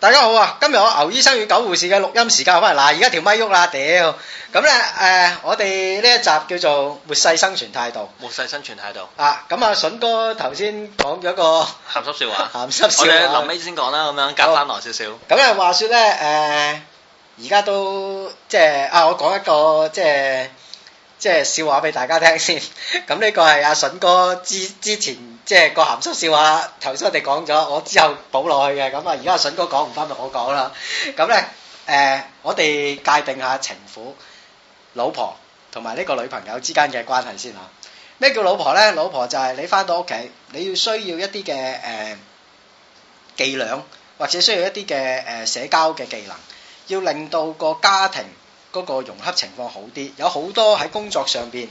大家好啊！今日我牛醫生與狗護士嘅錄音時間翻嚟，嗱而家條咪喐啦，屌咁咧，誒、嗯呃，我哋呢一集叫做《末世生存態度》，末世生存態度啊！咁阿筍哥頭先講咗個鹹濕笑話，咸濕笑話，臨尾先講啦，咁樣夾翻耐少少。咁啊、嗯嗯，話說咧，誒、呃，而家都即係啊，我講一個即係即係笑話俾大家聽先。咁、嗯、呢、這個係阿筍哥之之前。即係鹹濕笑話，頭先我哋講咗，我之後補落去嘅咁啊。而家阿筍哥講唔翻，咪我講啦。咁咧誒，我哋界定下情婦、老婆同埋呢個女朋友之間嘅關係先嚇。咩叫老婆咧？老婆就係你翻到屋企，你要需要一啲嘅誒伎倆，或者需要一啲嘅誒社交嘅技能，要令到個家庭嗰個融洽情況好啲。有好多喺工作上邊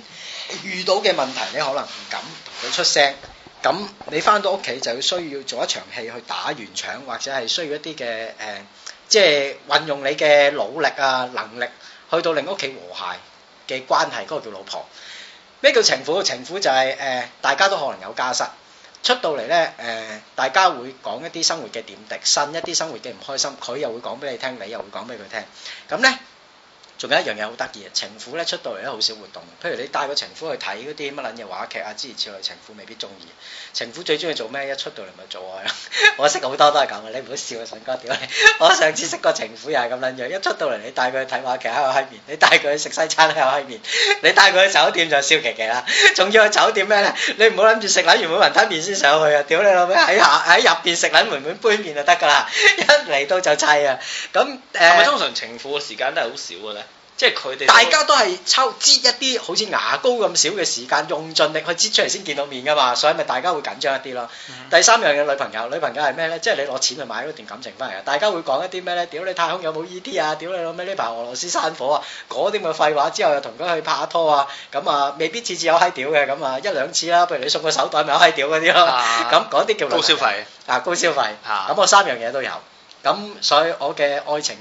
遇到嘅問題，你可能唔敢同佢出聲。咁你翻到屋企就要需要做一場戲去打圓場，或者係需要一啲嘅誒，即係運用你嘅努力啊能力，去到令屋企和諧嘅關係，嗰、那個叫老婆。咩叫情婦？情婦就係、是、誒、呃，大家都可能有家室，出到嚟咧誒，大家會講一啲生活嘅點滴，呻一啲生活嘅唔開心，佢又會講俾你聽，你又會講俾佢聽，咁咧。仲有一樣嘢好得意啊！情婦咧出到嚟咧好少活動，譬如你帶個情婦去睇嗰啲乜撚嘢話劇啊之類，情婦未必中意。情婦最中意做咩？一出到嚟咪做愛、啊、咯！ 我識好多都係咁嘅，你唔好笑啊！信哥，屌你！我上次識個情婦又係咁撚樣，一出到嚟你帶佢去睇話劇喺度閪面，你帶佢去食西餐喺度閪面，你帶佢去，去酒店就笑騎騎啦！仲要去酒店咩咧？你唔好諗住食撚完碗雲吞麵先上去啊！屌你老味，喺下喺入邊食撚完碗杯麪就得噶啦！一嚟到就砌啊！咁誒。係、呃、咪通常情婦嘅時間都係好少嘅咧？即係佢哋大家都係抽擠一啲好似牙膏咁少嘅時間，用盡力去擠出嚟先見到面噶嘛，所以咪大家會緊張一啲咯。嗯、第三樣嘢，女朋友，女朋友係咩咧？即係你攞錢去買一段感情翻嚟啊！大家會講一啲咩咧？屌你太空有冇 E.T. 啊？屌你老咩？呢排俄羅斯山火啊！嗰啲咁嘅廢話，之後又同佢去拍下拖啊，咁啊未必次次有閪屌嘅，咁啊一兩次啦，不如你送個手袋咪有閪屌嗰啲咯，咁嗰啲叫高消費啊，高消費啊，咁我三樣嘢都有，咁所以我嘅愛情。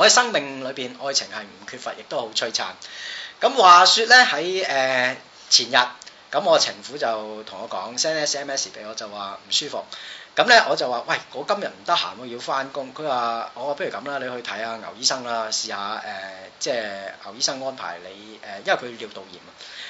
我喺生命裏邊，愛情係唔缺乏，亦都好璀璨。咁話說咧，喺誒、呃、前日，咁我情婦就同我講 send SMS 俾我就話唔舒服。咁咧我就話喂，我今日唔得閒，我要翻工。佢話我不如咁啦，你去睇下牛醫生啦，試下誒、即、呃、係、就是、牛醫生安排你誒、呃，因為佢要尿道炎啊。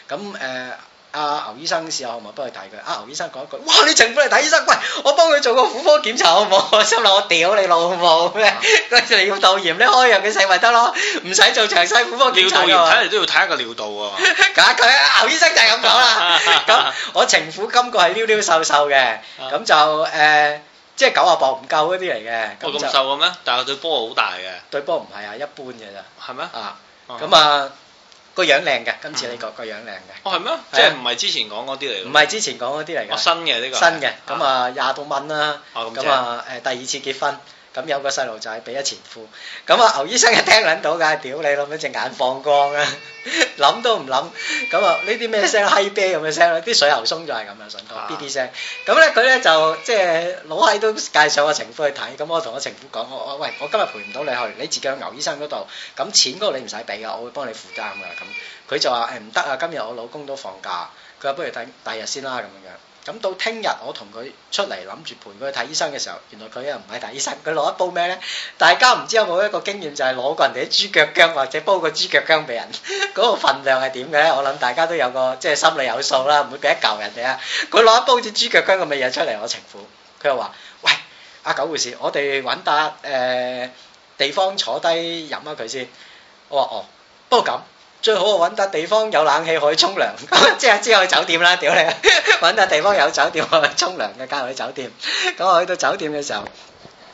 咁誒。呃阿牛醫生試下好唔好？幫佢睇佢。阿牛醫生講一句，哇！你情婦嚟睇醫生？喂，我幫佢做個婦科檢查好唔好？我心諗我屌你老母咩？佢要尿道炎，你開藥佢食咪得咯，唔使做詳細婦科檢查。尿道炎睇嚟都要睇一個尿道喎。啊！佢牛醫生就係咁講啦。咁我情婦今個係溜溜瘦瘦嘅，咁就誒，即係九啊磅唔夠嗰啲嚟嘅。咁瘦嘅咩？但係對波好大嘅。對波唔係啊，一般嘅咋。係咩？啊，咁啊。個樣靚嘅，嗯、今次你個個樣靚嘅。哦，係咩、係呀？即係唔係之前講嗰啲嚟？唔係之前講嗰啲嚟嘅。新嘅呢個。新嘅，咁啊廿多蚊啦。咁啊，誒，第二次結婚。咁有個細路仔俾咗前夫，咁啊牛醫生一聽撚到，梗係屌你啦，隻眼放光啊！諗都唔諗，咁啊呢啲咩聲嗨啤咁嘅聲咧，啲水喉鬆咗係咁嘅，想講咇咇聲，咁咧佢咧就即係、就是、老閪都介紹個情夫去睇，咁我同個情夫講，我喂我今日陪唔到你去，你自己去牛醫生嗰度，咁錢嗰度你唔使俾嘅，我會幫你負擔嘅，咁佢就話誒唔得啊，今日我老公都放假，佢話不如第第日先啦咁樣。咁到聽日，我同佢出嚟諗住陪佢去睇醫生嘅時候，原來佢又唔係睇醫生，佢攞一煲咩呢？大家唔知有冇一個經驗，就係攞過人哋啲豬腳姜或者煲過豬腳姜俾人，嗰 個份量係點嘅呢？我諗大家都有個即係心裏有數啦，唔會俾一嚿人哋啊！佢攞一煲似豬腳姜咁嘅嘢出嚟，我情婦，佢又話：喂，阿九護士，我哋揾笪誒地方坐低飲下佢先。我話：哦，不過咁。最好我揾笪地方有冷氣可以沖涼，即 係之後去酒店啦，屌你，揾 笪地方有酒店可以沖涼嘅，加入去酒店。咁 我去到酒店嘅時候，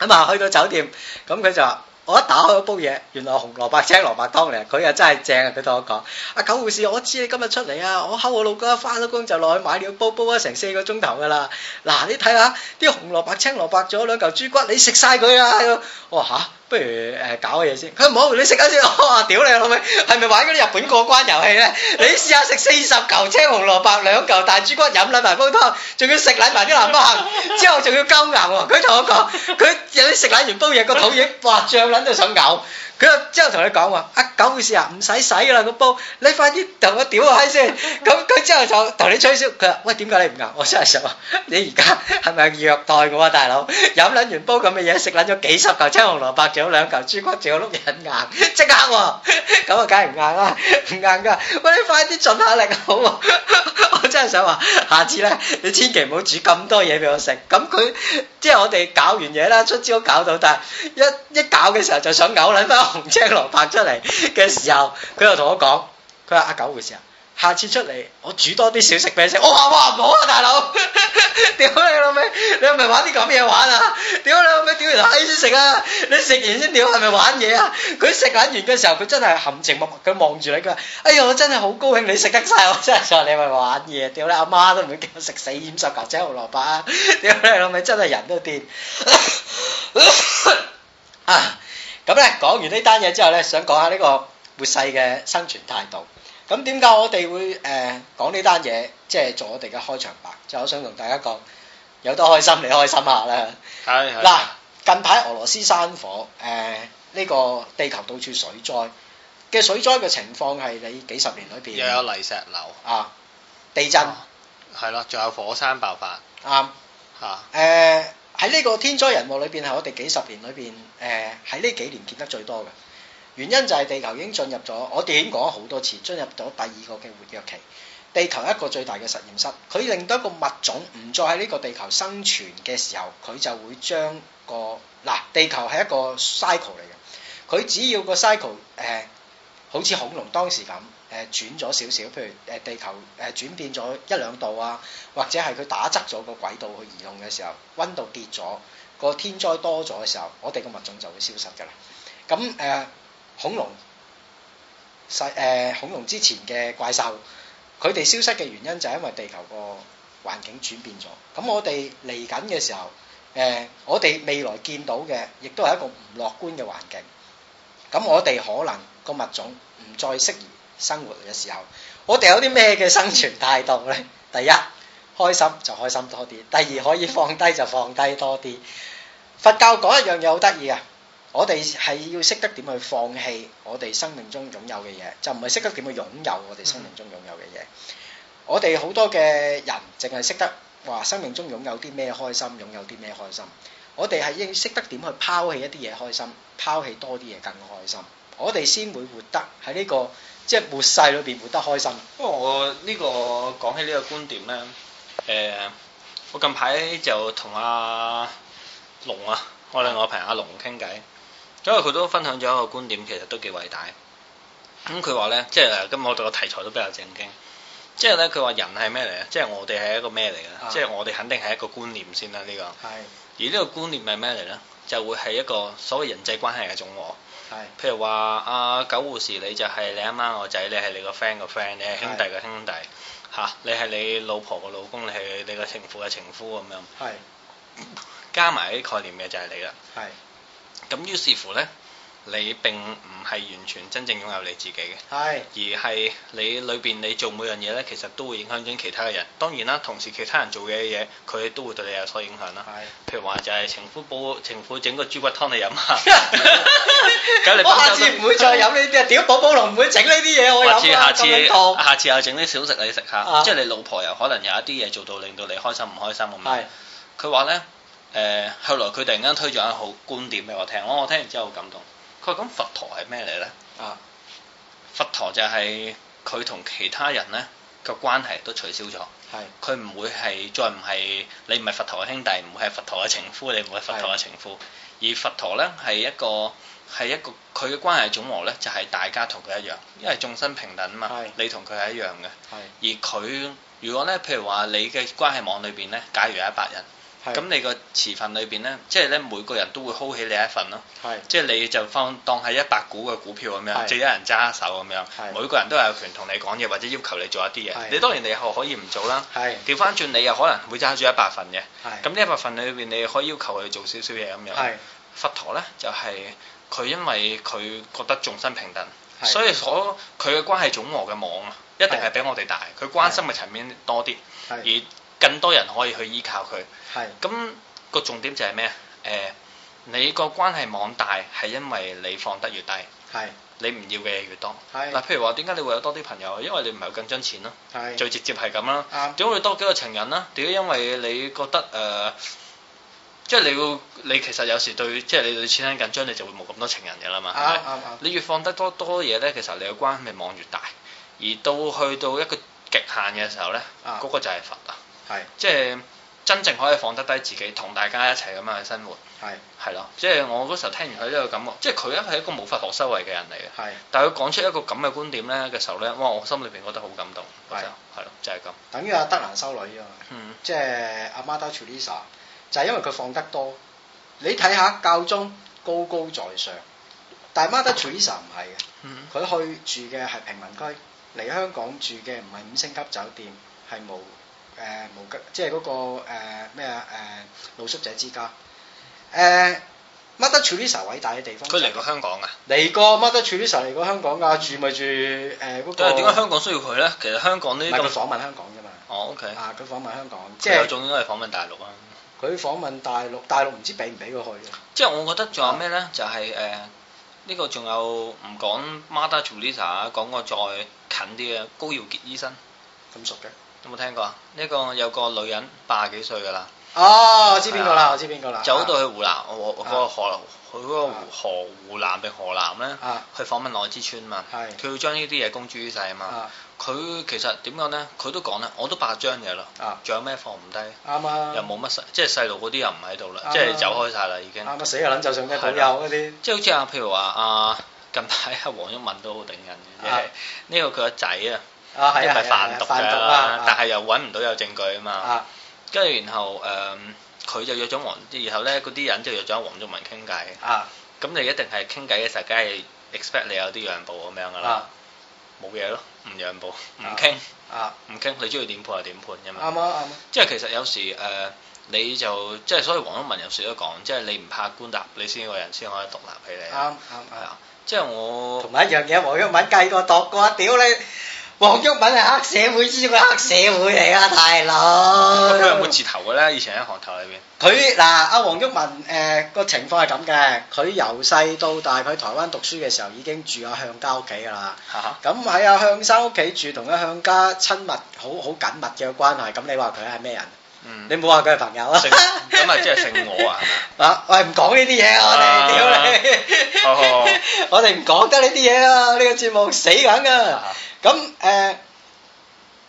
咁啊去到酒店，咁佢就話：我一打開個煲嘢，原來紅蘿蔔青蘿蔔湯嚟，佢又真係正啊！佢同我講：阿、啊、九護士，我知你今日出嚟啊，我睺我老公一翻咗工就落去買料煲，煲咗成四個鐘頭㗎啦。嗱、啊，你睇下啲紅蘿蔔青蘿蔔，仲有兩嚿豬骨，你食晒佢啊！我話不如誒、呃、搞嘢先，佢、哎、唔好。你食啊先，我話屌你老味，係咪玩嗰啲日本過關遊戲呢？你試下食四十嚿青紅蘿蔔，兩嚿大豬骨，飲禮麵煲湯，仲要食禮埋啲南北杏，之後仲要交硬喎。佢同我講，佢有啲食禮完煲嘢，個肚已經滑脹撚到想嘔。佢之後同你講話、啊：，啊，搞事啊，唔使洗啦、個煲，你快啲同我屌我下先。咁、嗯、佢、嗯、之後就同你吹簫，佢話：，喂，點解你唔硬？我真係想話，你而家係咪虐待我啊，大佬？飲撚完煲咁嘅嘢，食撚咗幾十嚿青紅蘿蔔，仲有兩嚿豬骨，仲有碌嘢硬，硬，即刻喎！咁啊，梗係唔硬啦，唔硬噶。喂，你快啲盡下力好、啊、 我真係想話，下次咧，你千祈唔好煮咁多嘢俾我食。咁佢即係我哋搞完嘢啦，出招搞到，但係一一搞嘅時候就想嘔撚翻。紅青蘿蔔出嚟嘅時候，佢又同我講，佢話阿九回事啊，下次出嚟我煮多啲小食俾你食。我話哇，唔好啊大佬，屌 你老味，你係咪玩啲咁嘢玩啊？屌你老味，屌完頭閪先食啊？你食完先屌係咪玩嘢啊？佢食完，、啊、完完嘅時候，佢真係含情脈脈，佢望住你，佢話哎呀，我真係好高興你食得晒，我真係錯你係咪玩嘢？屌你阿媽都唔會食死染手夾青紅蘿蔔啊！屌你老味真係人都癲，癲。 啊啊啊講完呢單嘢之後咧，想講下呢個末世嘅生存態度。咁點解我哋會誒、呃、講呢單嘢？即係做我哋嘅開場白。就我想同大家講，有多開心你開心下啦。係嗱，近排俄羅斯山火，誒、呃、呢、這個地球到處水災嘅水災嘅情況，係你幾十年裏邊又有泥石流啊，地震係咯，仲、啊、有火山爆發。啱吓誒。啊啊呃喺呢個天災人禍裏邊，係我哋幾十年裏邊，誒喺呢幾年見得最多嘅原因就係地球已經進入咗，我哋已經講咗好多次，進入咗第二個嘅活躍期。地球一個最大嘅實驗室，佢令到一個物種唔再喺呢個地球生存嘅時候，佢就會將個，嗱，地球係一個 cycle 嚟嘅，佢只要個 cycle 誒、呃、好似恐龍當時咁。誒，轉咗少少，譬如誒地球誒轉變咗一兩度啊，或者係佢打側咗個軌道去移動嘅時候，溫度跌咗，個天災多咗嘅時候，我哋個物種就會消失㗎喇。咁誒，恐龍細誒恐龍之前嘅怪獸，佢哋消失嘅原因就係因為地球個環境轉變咗。咁我哋嚟緊嘅時候，誒我哋未來見到嘅，亦都係一個唔樂觀嘅環境。咁我哋可能個物種唔再適宜，生活嘅時候，我哋有啲咩嘅生存態度呢？第一，開心就開心多啲；第二，可以放低就放低多啲。佛教講一樣嘢好得意啊！我哋係要識得點去放棄我哋生命中擁有嘅嘢，就唔係識得點去擁有我哋生命中擁有嘅嘢。我哋好多嘅人淨係識得話生命中擁有啲咩開心，擁有啲咩開心。我哋係應識得點去拋棄一啲嘢開心，拋棄多啲嘢更開心。我哋先會活得喺呢個。即係末世裏邊活得開心。不過我呢、這個講起呢個觀點咧，誒、呃，我近排就同阿龍啊，我哋我朋友阿龍傾偈，因為佢都分享咗一個觀點，其實都幾偉大。咁佢話咧，即係今日我哋個題材都比較正經。即係咧，佢話人係咩嚟咧？即係我哋係一個咩嚟咧？啊、即係我哋肯定係一個觀念先啦、啊。呢、這個係。是而呢個觀念係咩嚟咧？就會係一個所謂人際關係嘅總和。譬如話阿、啊、狗護士，你就係你阿媽個仔，你係你個 friend 個 friend，你係兄弟個兄弟，吓的、啊，你係你老婆個老公，你係你個情婦個情夫咁樣，係的，加埋啲概念嘅就係你啦，係的，咁於是乎呢。你並唔係完全真正擁有你自己嘅，係是而係你裏邊你做每樣嘢咧，其實都會影響緊其他嘅人。當然啦，同時其他人做嘅嘢，佢都會對你有所影響啦。係是，譬如話就係情夫煲情婦整個豬骨湯你飲下，我下次唔會再飲呢啲啊？屌，寶寶都唔會整呢啲嘢，我下次咁樣 下次又整啲小食你食下，啊、即係你老婆又可能有一啲嘢做到令到你開心唔開心咁啊！係的，佢話咧，誒後、呃、來佢突然間推咗一個好觀點俾我聽，我聽我聽完之後好感動。佢咁佛陀係咩嚟咧？啊！佛陀就係佢同其他人咧個關係都取消咗。係是。佢唔會係再唔係你唔係佛陀嘅兄弟，唔會係佛陀嘅情夫，你唔會係佛陀嘅情夫。是而佛陀咧係一個係一個佢嘅關係總和咧，就係、是、大家同佢一樣，因為眾生平等啊嘛。是你同佢係一樣嘅。係。而佢如果咧，譬如話你嘅關係網裏邊咧，假如有一百人。咁你個持份裏邊咧，即係咧每個人都會 hold 起你一份咯，即係你就放當係一百股嘅股票咁樣，即係有人揸手咁樣，每個人都有權同你講嘢或者要求你做一啲嘢。你當然你可可以唔做啦，調翻轉你又可能會揸住一百份嘅，咁呢一百份裏邊你可以要求佢做少少嘢咁樣。佛陀呢，就係佢因為佢覺得眾生平等，所以所佢嘅關係總和嘅網啊，一定係比我哋大，佢關心嘅層面多啲，而更多人可以去依靠佢，係咁個重點就係咩啊？誒，你個關係網大係因為你放得越低，係你唔要嘅嘢越多。係嗱，譬如話點解你會有多啲朋友？因為你唔係更緊張錢咯，最直接係咁啦。點會多幾個情人啦？點解？因為你覺得誒，即係你會，你其實有時對，即係你對錢很緊張，你就會冇咁多情人嘅啦嘛。你越放得多多嘢咧，其實你個關係網越大，而到去到一個極限嘅時候咧，嗰個就係佛啊！係，是即係真正可以放得低自己，同大家一齊咁樣去生活是。係，係咯，即係我嗰時候聽完佢呢個感覺，即係佢咧係一個冇法學修為嘅人嚟嘅。係是，但係佢講出一個咁嘅觀點咧嘅時候咧，哇！我心裏邊覺得好感動。係是，係咯，就係、是、咁。等於阿德蘭修女啊嘛。嗯。即係阿瑪德朱麗莎就係因為佢放得多。你睇下教宗高高在上，但係瑪德朱麗莎唔係嘅。佢、嗯、去住嘅係平民區，嚟香港住嘅唔係五星級酒店，係冇。誒、呃，無吉即係嗰、那個誒咩啊？誒、呃，露宿者之家。誒、呃、，Mother Teresa 偉大嘅地方。佢嚟過香港啊？嚟過 Mother Teresa 嚟過香港噶，住咪住，誒，點解香港需要佢咧？其實香港呢啲咁。咪佢訪問香港啫嘛。哦，OK。啊，佢訪問香港，即係有種應該係訪問大陸啊。佢訪問大陸，大陸唔知俾唔俾佢去啊？即係我覺得仲有咩咧？就係、是、誒，呢、呃這個仲有唔講 Mother Teresa，講個再近啲嘅高耀杰醫生咁熟嘅。有冇聽過啊？呢個有個女人八十幾歲噶啦。哦，我知邊個啦，我知邊個啦。走到去湖南，嗰個河，佢嗰個河湖南定河南咧，去訪問浪子村啊嘛。係。佢要將呢啲嘢公諸於世啊嘛。佢其實點講咧？佢都講咧，我都八張嘢咯。啊。仲有咩放唔低？啱啱？又冇乜細，即係細路嗰啲又唔喺度啦，即係走開晒啦，已經。啱死就捻走上天。老友嗰啲。即係好似啊，譬如話啊，近排阿黃一民都好頂癮嘅，呢個佢個仔啊。因為啊，係啊，係啊，販毒啊，但係又揾唔到有證據啊嘛，跟住、啊、然後誒，佢、嗯、就約咗黃，然後咧嗰啲人就約咗黃宗文傾偈，咁就、啊、一定係傾偈嘅時候，梗係 expect 你有啲讓步咁樣噶啦，冇嘢咯，唔讓步，唔傾，唔傾、啊啊，你中意點判就點判噶嘛，啱啊啱、啊、即係其實有時誒、呃，你就即係所以黃宗文又成日都講，即係你唔怕官立，你先個人先可以獨立起嚟。啱啱係啊，即係我同埋一樣嘢，黃宗文計過度過，屌、嗯、你！啊啊啊啊嗯嗯黃旭文係黑社會，知個黑社會嚟啦，大佬。佢有冇字頭嘅咧？以前喺行頭裏邊。佢嗱，阿黃旭文，誒個、呃、情況係咁嘅，佢由細到大，佢台灣讀書嘅時候已經住喺向家屋企噶啦。咁喺阿向生屋企住，同阿向家親密好好緊密嘅關係。咁你話佢係咩人？嗯、你冇好話佢係朋友啊姓。咁啊，即係姓我啊，係啊，喂唔講呢啲嘢，我哋。我哋唔講得呢啲嘢啦，呢、這個節目死緊噶。咁誒、啊，嗯、ouais,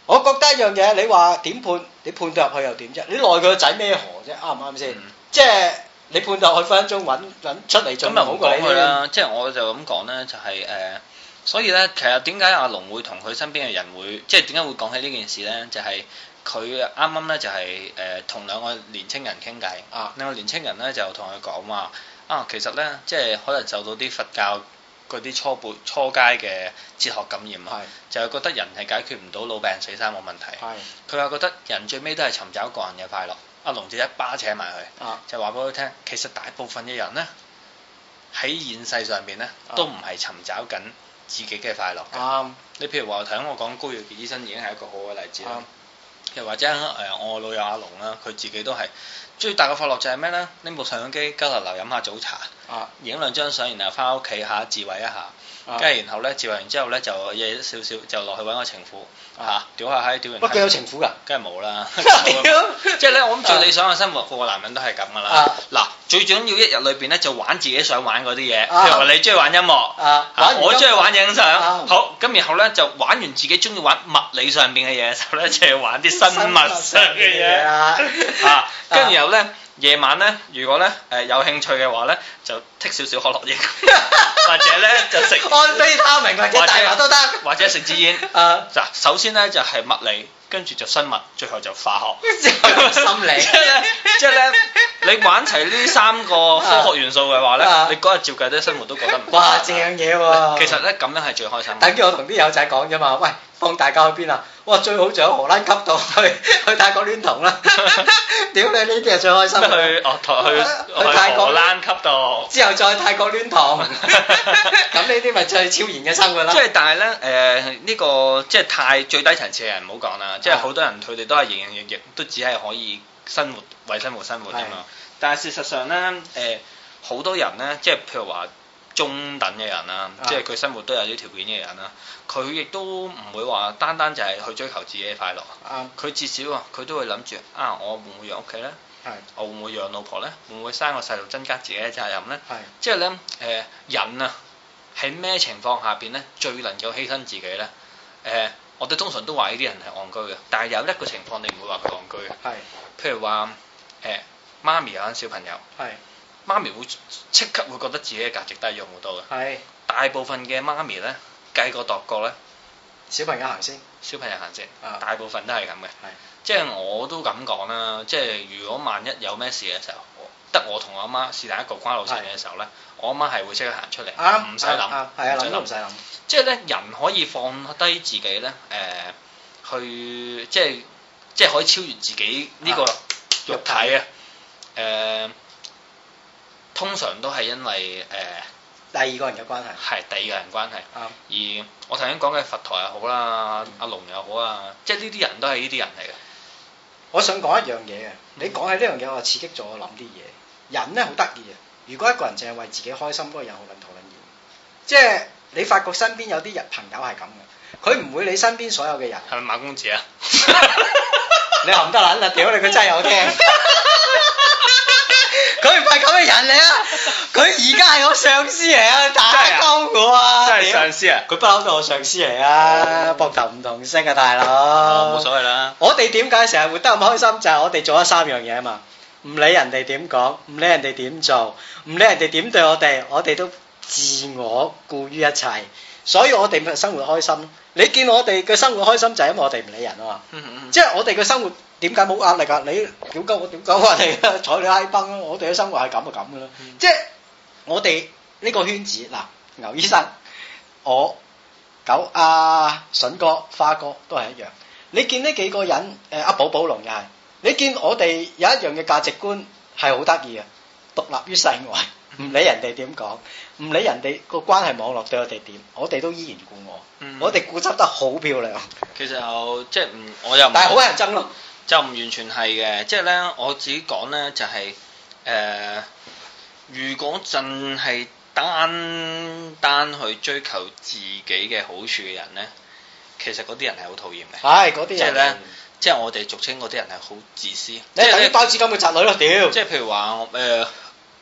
我覺得一樣嘢，你話點判？對對你判得入去又點啫？你奈佢個仔咩何啫？啱唔啱先？即係你判得入去，分分鐘揾出嚟做、嗯。咁咪唔好講佢啦。即係我就咁講咧，就係誒，所以咧，其實點解阿龍會同佢身邊嘅人會，即係點解會講起呢件事咧？Is, 就係佢啱啱咧，就係誒，同兩個年青人傾偈。啊！兩個年青人咧就同佢講話。啊，其實咧，即係可能受到啲佛教嗰啲初步初階嘅哲學感染啊，是就係覺得人係解決唔到老病死生，冇問題。係佢話覺得人最尾都係尋找個人嘅快樂。阿龍就一巴扯埋佢，啊、就話俾佢聽，其實大部分嘅人咧喺現世上邊咧都唔係尋找緊自己嘅快樂啱，啊、你譬如話，頭先我講高耀潔醫生已經係一個好嘅例子啦。啊又或者誒、呃，我老友阿龍啦，佢自己都係最大嘅快樂就係咩咧？拎部相機，交頭流飲下早茶，啊、影兩張相，然後翻屋企嚇自慰一下。跟住然後咧，做完之後咧，就嘢少少就落去揾個情婦嚇，屌下閪，屌完。佢有情婦噶？梗係冇啦。即係咧，我諗最理想嘅生活，個個男人都係咁噶啦。嗱，最緊要一日裏邊咧，就玩自己想玩嗰啲嘢。譬如話你中意玩音樂，我中意玩影相。好，咁然後咧就玩完自己中意玩物理上邊嘅嘢，就咧就係玩啲生物上嘅嘢啊，跟住然後咧。夜晚呢，如果呢，誒、呃、有興趣嘅話呢，就剔少少可樂液，或者呢，就食安非他明或者大麻都得，或者食支煙。啊，嗱，首先呢，就係、是、物理，跟住就生物。最後就化學，之後心理，即係咧，你玩齊呢三個科學元素嘅話咧，你嗰日照計啲生活都覺得，哇正嘢喎！其實咧咁樣係最開心。等於我同啲友仔講啫嘛，喂，放大假去邊啊？哇，最好就喺荷蘭吸毒去去泰國戀童啦！屌你呢啲係最開心。去哦，去去荷蘭吸毒，之後再泰國戀童，咁呢啲咪最超然嘅生活啦。即係但係咧，誒呢個即係太最低層次嘅人唔好講啦，即係好多人佢哋。都係營營役役，亦都只係可以生活為生活生活啫嘛。但係事實上咧，誒好、呃、多人咧，即係譬如話中等嘅人啦，即係佢生活都有啲條件嘅人啦，佢亦都唔會話單單就係去追求自己嘅快樂。啱、嗯。佢至少啊，佢都會諗住啊，我會唔會養屋企咧？係是。我會唔會養老婆咧？會唔會生個細路增加自己嘅責任咧？係是。即係咧，誒、呃、人啊，喺咩情況下邊咧最能夠犧牲自己咧？誒、呃。我哋通常都話呢啲人係戇居嘅，但係有一個情況你唔會話佢戇居嘅，係是譬如話誒媽咪有小朋友，係媽是咪會即刻會覺得自己嘅價值低咗好多嘅，係是大部分嘅媽咪咧計過度覺咧，小朋友行先，小朋友行先，啊、大部分都係咁嘅，係是即係我都咁講啦，即係如果萬一有咩事嘅時候。我同我阿媽是但一個關老細嘅時候咧，我阿媽係會即刻行出嚟，唔使諗，係啊，諗都唔使諗。即係咧，人可以放低自己咧，誒、呃，去即係即係可以超越自己呢個肉體啊。誒，uh, 通常都係因為誒、uh, 第二個人嘅關，關係，係第二個人關係。而我頭先講嘅佛陀又好啦，嗯、阿龍又好啦，即係呢啲人都係呢啲人嚟嘅。我想講一樣嘢啊！嗯、你講起呢樣嘢，我刺激咗我諗啲嘢。人咧好得意啊！如果一個人淨係為自己開心，嗰個人好難討人嫌。即係你發覺身邊有啲人朋友，係咁嘅，佢唔會理你身邊所有嘅人。係咪馬公子啊？ 你話唔得啦？屌你，佢真係有聽。佢唔係咁嘅人嚟啊！佢而家係我上司嚟啊！打工我啊！真係樣上司啊！佢不嬲都我上司嚟啊！膊頭唔同聲啊，大佬。哦，冇所謂啦。我哋點解成日活得咁開心？就係、是、我哋做咗三樣嘢啊嘛。唔理人哋點講，唔理人哋點做，唔理人哋點對我哋，我哋都自我顧於一切，所以我哋咪生活開心。你見我哋嘅生活開心就係因為我哋唔理人啊嘛， 即係我哋嘅生活點解冇壓力啊？你屌鳩我屌鳩我哋，睬 你拉崩啊。我哋嘅生活係咁就咁噶啦， 即係我哋呢個圈子嗱，牛醫生，我狗阿筍、啊、哥、花哥都係一樣。你見呢幾個人，誒、啊、阿寶寶龍又係。你見我哋有一樣嘅價值觀係好得意嘅，獨立於世外，唔理人哋點講，唔理人哋個關係網絡對我哋點，我哋都依然故我，嗯、我哋固執得好漂亮。其實又即係唔，我又唔係好人憎咯。就唔完全係嘅，即係咧，我自己講咧就係、是、誒、呃，如果淨係單單去追求自己嘅好處嘅人咧，其實嗰啲人係好討厭嘅。係嗰啲即係咧。即係我哋俗稱嗰啲人係好自私，你等於揀資金嘅宅女咯，屌行！即係譬如話，誒、呃，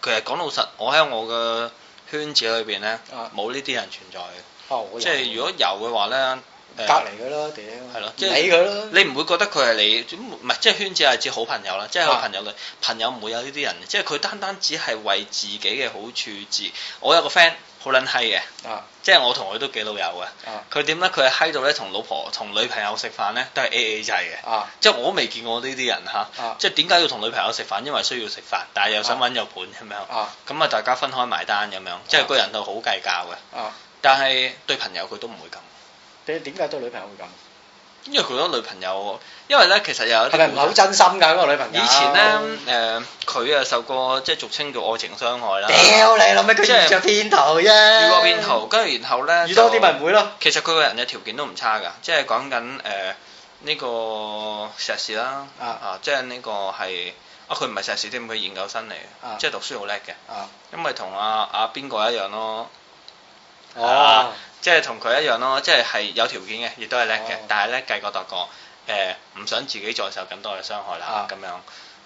其實講老實，我喺我嘅圈子裏邊咧，冇呢啲人存在嘅，啊、即係如果有嘅話咧，隔離佢咯，屌，係咯，即係你佢咯，你唔會覺得佢係你，唔係即係圈子係指好朋友啦，即係好朋友嘅、啊、朋友唔會有呢啲人，即係佢單單只係為自己嘅好處至。我有個 friend。好撚閪嘅，即係我同佢都幾老友嘅。佢點咧？佢係閪到咧，同老婆、同女朋友食飯咧都係 AA 制嘅。啊、即係我都未見過呢啲人吓，啊、即係點解要同女朋友食飯？因為需要食飯，但係又想揾有伴咁樣。咁啊，大家分開埋單咁樣，即係個人就好計較嘅。啊、但係對朋友佢都唔會咁。你點解對女朋友會咁？因為佢嗰個女朋友，因為咧其實又係咪唔係好真心噶嗰個女朋友。以前咧，誒，佢啊受過即係俗稱做愛情傷害啦。屌你，諗乜佢真遇着變頭啫？遇過變頭，跟住然後咧遇多啲咪唔會咯。其實佢個人嘅條件都唔差噶，即係講緊誒呢個碩士啦，啊，即係呢個係啊佢唔係碩士添，佢研究生嚟嘅，即係讀書好叻嘅。因為同阿阿邊個一樣咯。啊！即係同佢一樣咯，即係係有條件嘅，亦都係叻嘅，哦、但係咧計過度過，誒唔、呃、想自己再受更多嘅傷害啦，咁樣。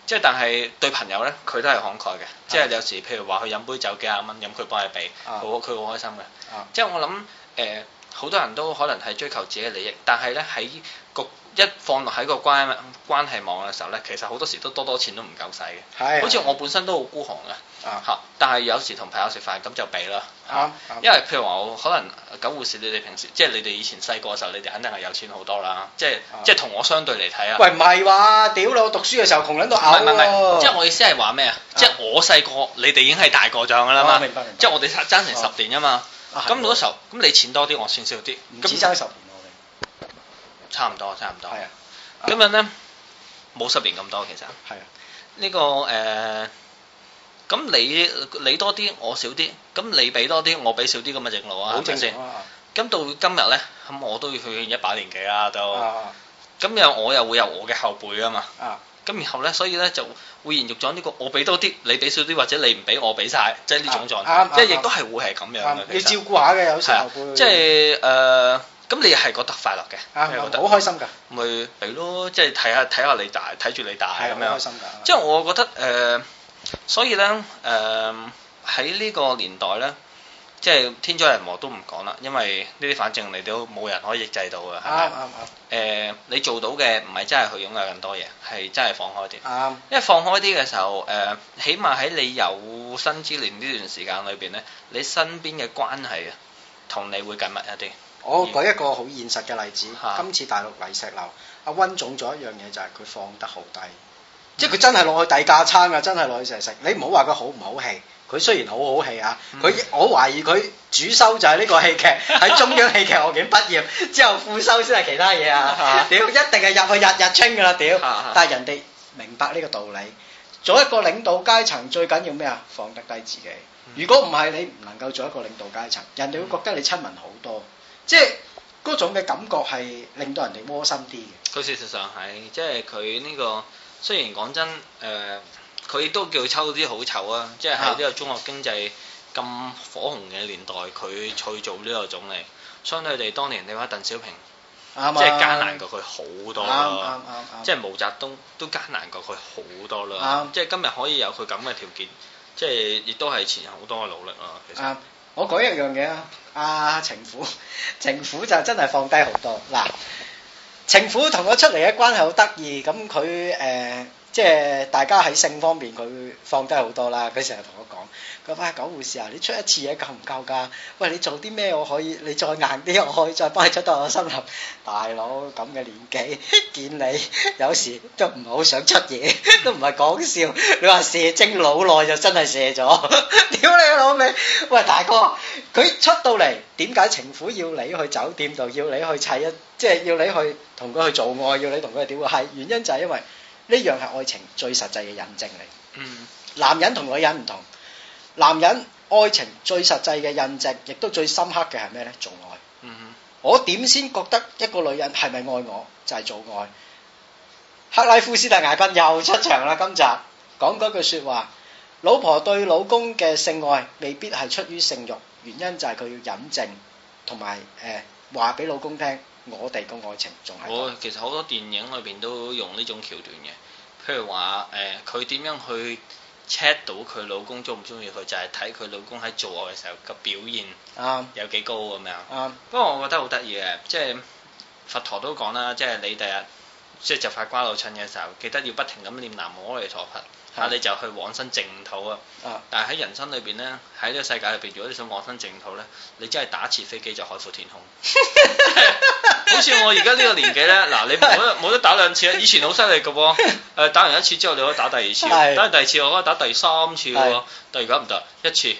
即係但係對朋友咧，佢都係慷慨嘅。即、就、係、是、有時譬如話去飲杯酒幾廿蚊，飲佢幫你俾，好佢好開心嘅。即係、哦、我諗誒，好、呃、多人都可能係追求自己嘅利益，但係咧喺個一放落喺個關關係網嘅時候咧，其實好多時都多多錢都唔夠使嘅。對好似我本身都好孤寒嘅。啊！吓，但係有時同朋友食飯咁就俾啦，吓，因為譬如話我可能狗護士，你哋平時即係你哋以前細個嘅時候，你哋肯定係有錢好多啦，即係即係同我相對嚟睇啊！喂，唔係話，屌你，我讀書嘅時候窮人都咬，唔係唔係，即係我意思係話咩啊？即係我細個，你哋已經係大個咗嘅啦嘛，即係我哋爭成十年啊嘛，咁嗰個時候咁你錢多啲，我錢少啲，唔止爭十年我哋，差唔多差唔多，係啊，咁樣咧冇十年咁多其實，係啊，呢個誒。咁你你多啲，我少啲，咁你俾多啲，我俾少啲咁嘅正路啊，好正先。咁到今日咧，咁我都要去一把年紀啦，都。咁樣我又會有我嘅後輩啊嘛。咁然後咧，所以咧就會延續咗呢個我俾多啲，你俾少啲，或者你唔俾我俾晒，即係呢種狀態，即係亦都係會係咁樣嘅。你照顧下嘅有時候。即係誒，咁你係覺得快樂嘅？啊，覺得。好開心㗎。咪係咯，即係睇下睇下你大，睇住你大咁樣。開心㗎。即係我覺得誒。所以咧，誒喺呢個年代咧，即係天災人禍都唔講啦，因為呢啲反正你都冇人可以抑制到嘅。啱啱啱。誒、啊啊呃，你做到嘅唔係真係去擁有咁多嘢，係真係放開啲。啱、啊。因為放開啲嘅時候，誒、呃，起碼喺你有生之年呢段時間裏邊咧，你身邊嘅關係啊，同你會緊密一啲。我舉一個好現實嘅例子，啊、今次大陸泥石流，阿溫總做一樣嘢就係、是、佢放得好低。即係佢真係落去底架餐啊，真係落去成日食。你唔好話佢好唔好戲，佢雖然好好戲啊，佢我懷疑佢主修就係呢個戲劇，喺 中央戲劇學院畢業之後副修先係其他嘢啊。屌， 一定係入去日日清㗎喇，屌！ 但係人哋明白呢個道理，做一個領導階層最緊要咩啊？放得低自己。如果唔係，你唔能夠做一個領導階層，人哋會覺得你親民好多，即係嗰種嘅感覺係令到人哋窩心啲嘅。佢事實上係即係佢呢個。雖然講真，誒、呃，佢都叫抽啲好醜啊，即係喺呢個中國經濟咁火紅嘅年代，佢去做呢個總理，相對佢哋當年你話鄧小平，啱啊、即係艱難過佢好多咯，啱啱啱、即係毛澤東都艱難過佢好多啦，啱、即係今日可以有佢咁嘅條件，即係亦都係前人好多嘅努力啊，其實，啊、我講一樣嘢啊，啊，政府，政府就真係放低好多，嗱。情婦同我出嚟嘅關係好得意，咁佢誒。呃即係大家喺性方面，佢放低好多啦。佢成日同我講，佢話狗護士啊，你出一次嘢夠唔夠㗎？喂，你做啲咩我可以？你再硬啲，我可以再幫你出到我身嚟。大佬咁嘅年紀見你，有時都唔係好想出嘢， 都唔係講笑。你話射精老耐就真係射咗，屌 你老味！喂大哥，佢出到嚟點解情婦要你去酒店度，要你去砌一，即係要你去同佢去做愛，要你同佢點啊？係原因就係因為。呢樣係愛情最實際嘅印證嚟。嗯，男人同女人唔同，男人愛情最實際嘅印證，亦都最深刻嘅係咩呢？做愛。嗯，我點先覺得一個女人係咪愛我？就係做愛。克拉夫斯大牙賓又出場啦，今集講嗰句說話：老婆對老公嘅性愛未必係出於性欲，原因就係佢要引證同埋誒話俾老公聽。我哋個愛情仲係我其實好多電影裏邊都用呢種橋段嘅，譬如話誒，佢點樣去 check 到佢老公中唔中意佢，就係睇佢老公喺做愛嘅時候個表現，有幾高咁樣。不過我覺得好得意嘅，即係佛陀都講啦，即係你第日即係就快瓜老襯嘅時候，記得要不停咁念南無阿彌陀佛，嚇你就去往生淨土啊！但係喺人生裏邊咧，喺呢個世界入邊，如果你想往生淨土咧，你真係打次飛機就海闊天空。 好似我而家呢個年紀呢，嗱，你冇得冇得打兩次，以前好犀利嘅喎，打完一次之後你可以打第二次， 打完第二次我可以打第三次喎，但而家唔得，一次，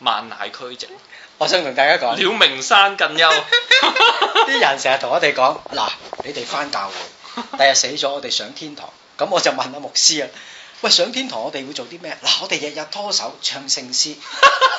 哇，萬籟俱寂，我想同大家講，鳥鳴山更幽，啲 人成日同我哋講，嗱，你哋返教會，第日死咗我哋上天堂，咁我就問阿、啊、牧師啊。喂，上天堂我哋會做啲咩？嗱，我哋日日拖手唱聖詩，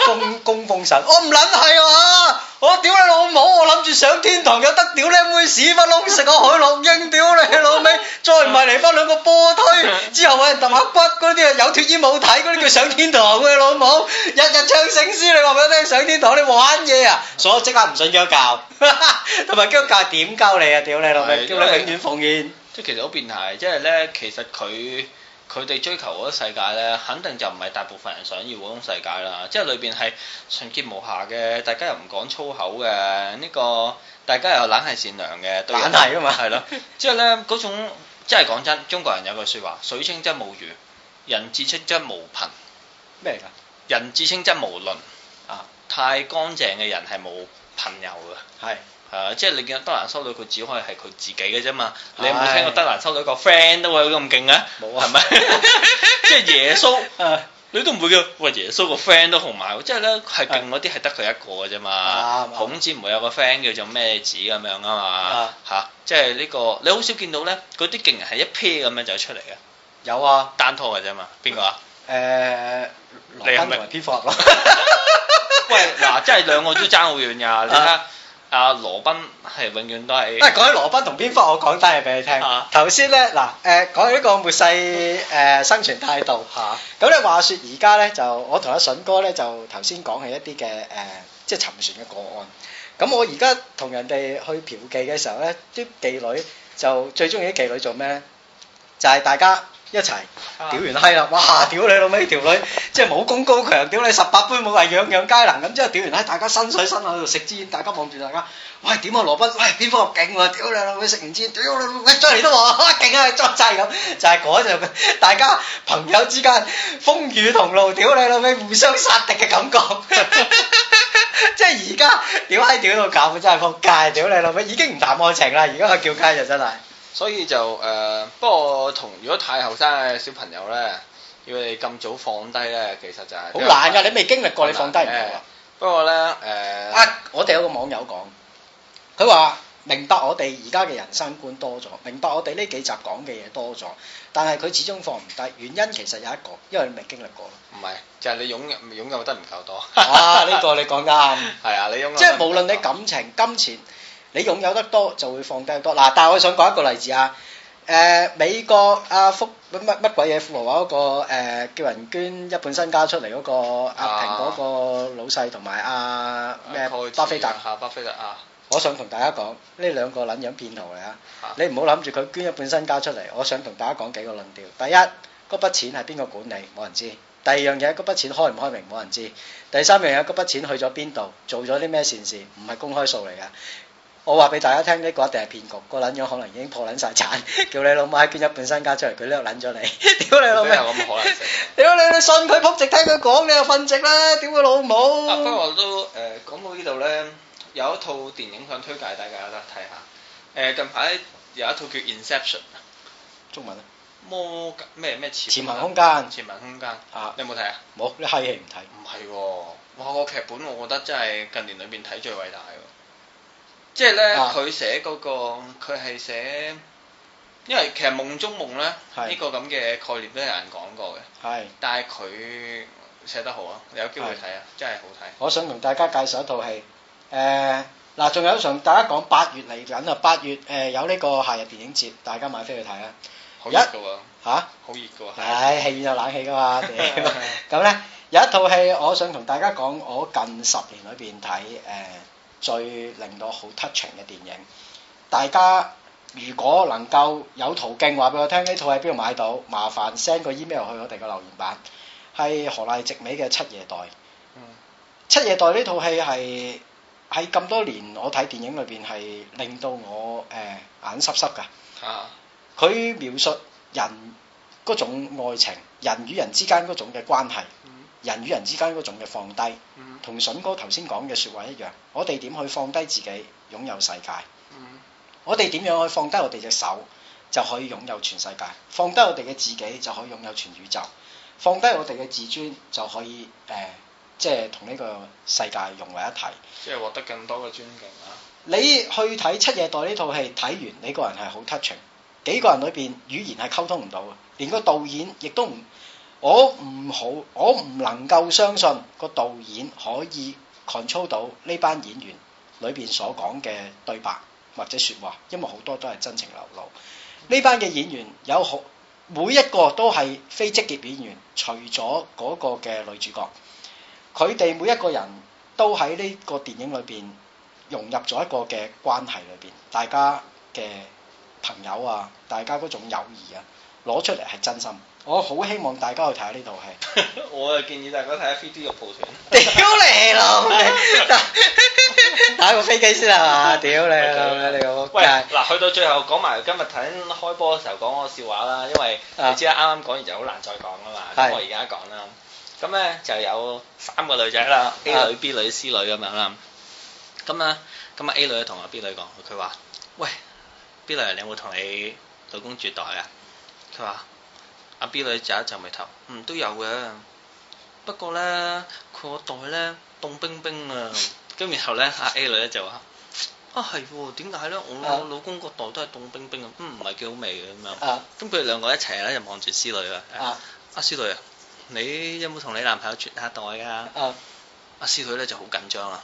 奉供奉神。我唔撚係啊！我屌你老母！我諗住上天堂，有得屌你妹屎忽窿食個海洛英，屌你老味！再唔係嚟翻兩個波推，之後揾人揼下骨嗰啲啊，有脱衣冇睇嗰啲叫上天堂嘅老母。日日唱聖詩，你話俾我聽上天堂，你玩嘢啊！所以我即刻唔睡宗教，同埋宗教點教你啊？屌你老味，叫你永遠奉獻。即係其實好變態，即係咧，其實佢。佢哋追求嗰個世界咧，肯定就唔係大部分人想要嗰種世界啦。即係裏邊係純潔無瑕嘅，大家又唔講粗口嘅呢個，大家又懶係善良嘅，懶係啊嘛，係咯了。之後咧嗰種，即係講真，中國人有句説話：水清則無魚，人至清則無朋。咩嚟㗎？人至清則無論啊！太乾淨嘅人係冇朋友㗎。係。係、啊，即係你見德蘭修女，佢只可以係佢自己嘅啫嘛。哎、你有冇聽過德蘭修女個 friend 都會咁勁嘅？冇有啊是吧，係咪？即係耶穌，啊、你都唔會叫，喂，耶穌個 friend 都紅埋，即係咧係勁嗰啲係得佢一個嘅啫嘛。啊、孔子唔會有個 friend 叫做咩子咁樣啊嘛？吓、啊啊，即係呢、這個你好少見到咧，嗰啲勁人係一 pair 咁樣就出嚟嘅。有啊，單拖嘅啫嘛。邊個啊？誒、呃，羅賓同埋披發咯。 喂，嗱、呃，即係兩個都爭好遠噶。你睇下 阿、啊、羅賓係永遠都係，唔係講起羅賓同蝙蝠，我講單嘢俾你聽。頭先咧，嗱誒講起個末世誒、呃、生存態度，咁咧、啊、話説而家咧就我同阿筍哥咧就頭先講起一啲嘅誒即係沉船嘅個案。咁我而家同人哋去嫖妓嘅時候咧，啲妓女就最中意啲妓女做咩？就係、是、大家。一齊屌完閪啦！哇！屌你老味條女，即係武功高強，屌你十八般武藝樣樣皆能。咁之後屌完閪，大家身水身汗喺度食支煙，大家望住大家。喂，點個羅賓？喂，邊方勁喎？屌你老味食完煙，屌你老味再嚟都話勁啊，再曬咁。就係嗰陣，大家朋友之間風雨同路，屌你老味互相殺敵嘅感覺。即係而家屌閪屌到咁，真係撲街，屌你老味已經唔談愛情啦，而家佢叫街就真係。所以就誒、呃，不過同如果太後生嘅小朋友咧，要你咁早放低咧，其實就係、是、好難噶，但你未經歷過，你放低唔到啊。不過咧，誒、呃，啊，我哋有個網友講，佢話明白我哋而家嘅人生觀多咗，明白我哋呢幾集講嘅嘢多咗，但係佢始終放唔低，原因其實有一個，因為你未經歷過咯。唔係，就係、是、你擁有擁有得唔夠多。啊， 呢、這個你講啱，係 啊，你擁即係無論你感情、金錢。你擁有得多就會放低多嗱、啊，但係我想講一個例子啊。誒，美國啊富乜乜鬼嘢富豪話嗰、嗰個、啊、叫人捐一半身家出嚟嗰、嗰個啊平嗰個老細同埋阿咩巴菲特啊，巴菲特啊，我想同大家講呢兩個撚樣騙徒嚟啊。你唔好諗住佢捐一半身家出嚟，我想同大家講幾個論調。第一，嗰筆錢係邊個管理冇人知；第二樣嘢，嗰筆錢開唔開明冇人知；第三樣嘢，嗰筆錢去咗邊度，做咗啲咩善事，唔係公開數嚟㗎。我話俾大家聽，呢、呢個一定係騙局，個撚樣可能已經破撚晒產，叫你老母喺捐一半身家出嚟，佢呢度撚咗你，屌你老母！屌你！你信佢撲直，聽佢講，你又瞓直啦，屌佢老母！不過、啊、我都誒講、呃、到呢度咧，有一套電影想推介大家有得睇下。誒、呃、近排有一套叫《Inception》。中文啊？魔咩咩？潛潛行空間。潛行、啊、空間。啊！你有冇睇啊？冇，你閪戲唔睇。唔係喎，哇！個劇本我覺得真係近年裏邊睇最偉大喎。即係咧，佢寫嗰個，佢係寫，因為其實夢中夢咧呢是 呢個咁嘅概念都有人講過嘅，係，是 但係佢寫得好啊，有機會睇啊，是 真係好睇。我想同大家介紹一套戲，誒、呃，嗱、啊，仲有上大家講八月嚟緊啊，八月誒、呃、有呢個夏日電影節，大家買飛去睇一啊。好熱噶喎，吓？好熱噶喎。唉，戲院有冷氣噶嘛？咁、啊、咧 有一套戲，我想同大家講，我近十年裏邊睇誒。嗯嗯最令到好 touching 嘅電影，大家如果能夠有途徑話俾我聽呢套喺邊度買到，麻煩 send 個 email 去我哋個留言板，係河瀨直美嘅《七夜代》。嗯。《七夜代》呢套戲係，喺咁多年我睇電影裏邊係令到我誒、呃、眼濕濕噶，啊！佢描述人嗰種愛情，人與人之間嗰種嘅關係，嗯、人與人之間嗰種嘅放低。嗯同筍哥頭先講嘅説話一樣，我哋點去放低自己擁有世界？我哋點樣去放低我哋隻手就可以擁有全世界？放低我哋嘅自己就可以擁有全宇宙？放低我哋嘅自尊就可以誒、呃，即係同呢個世界融為一體？即係獲得更多嘅尊敬啊！你去睇《七夜代》呢套戲，睇完你個人係好 touching，幾個人裏邊語言係溝通唔到啊，連個導演亦都唔。我唔好，我唔能夠相信個導演可以 control 到呢班演員裏邊所講嘅對白或者説話，因為好多都係真情流露。呢班嘅演員有好，每一個都係非職業演員，除咗嗰個嘅女主角，佢哋每一個人都喺呢個電影裏邊融入咗一個嘅關係裏邊，大家嘅朋友啊，大家嗰種友誼啊，攞出嚟係真心。我好希望大家去睇下呢套戲， 我又建議大家睇下 3D 嘅肉蒲團。屌你老味，打打個飛機先啦！屌你老味，你個喂嗱但，去到最後講埋今日頭先開波嘅時候講個笑話啦，因為你知啦，啱啱講完就好難再講啊嘛。咁、啊、我而家講啦，咁咧就有三個女仔啦，A 女、B 女、C 女咁樣啦。咁啊咁啊，A 女同阿 B 女講，佢話，喂，B 女，你有冇同你老公絕代啊？佢話。阿 B 女就一皺眉頭，嗯都有嘅，不過咧佢個袋咧凍冰冰 啊，咁然後咧阿 A 女咧就話啊係，點解咧我老公個袋都係凍冰冰啊，嗯唔係幾好味嘅咁樣，咁佢哋兩個一齊咧就望住 C 女啊，阿 C 女啊，女「你有冇同你男朋友絕下袋噶、啊？阿 C、啊啊、女咧就好緊張啦，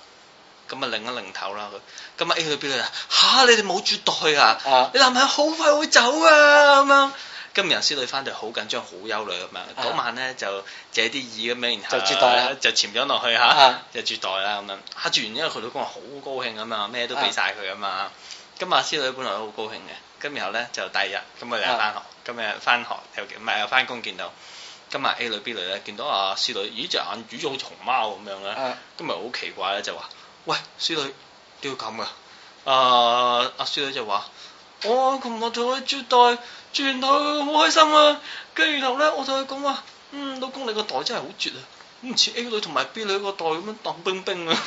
咁啊擰一擰頭啦佢，咁啊 A 女 B 女吓你哋冇絕袋啊？你，啊啊你男朋友好快會走啊咁樣。今日阿師女翻到好緊張，好憂慮咁樣，嗰晚咧就借啲耳咁樣，然後就絕代就潛咗落去嚇，就絕代啦咁樣吓。住完之後，佢老公話好高興咁啊，咩都俾晒佢啊嘛。今日師女本來都好高興嘅，今日後咧就第二日，今日又翻學，今日翻學又唔係又翻工，見到今日 A 女 B 女咧，見到阿師女，咦隻眼瘀咗好似熊貓咁樣咧，今日好奇怪咧就話喂師女點解咁噶？阿阿師女就話我琴日同佢絕代。轉頭好開心啊！跟住然後咧，我同佢講話，嗯，老公你個袋真係好絕啊，唔似 A 女同埋 B 女個袋咁樣凍冰冰啊！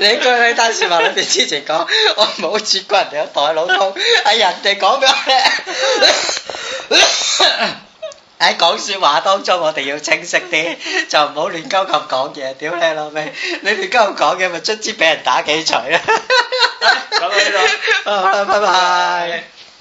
你一句喺單說話裏邊之前講，我唔好絕骨人哋個袋老，老公係人哋講俾我聽。喺講說話當中，我哋要清晰啲，就唔好亂鳩咁講嘢。屌你老味，你亂鳩講嘢咪卒之俾人打幾錘 啊！咁啊呢度，拜拜。拜拜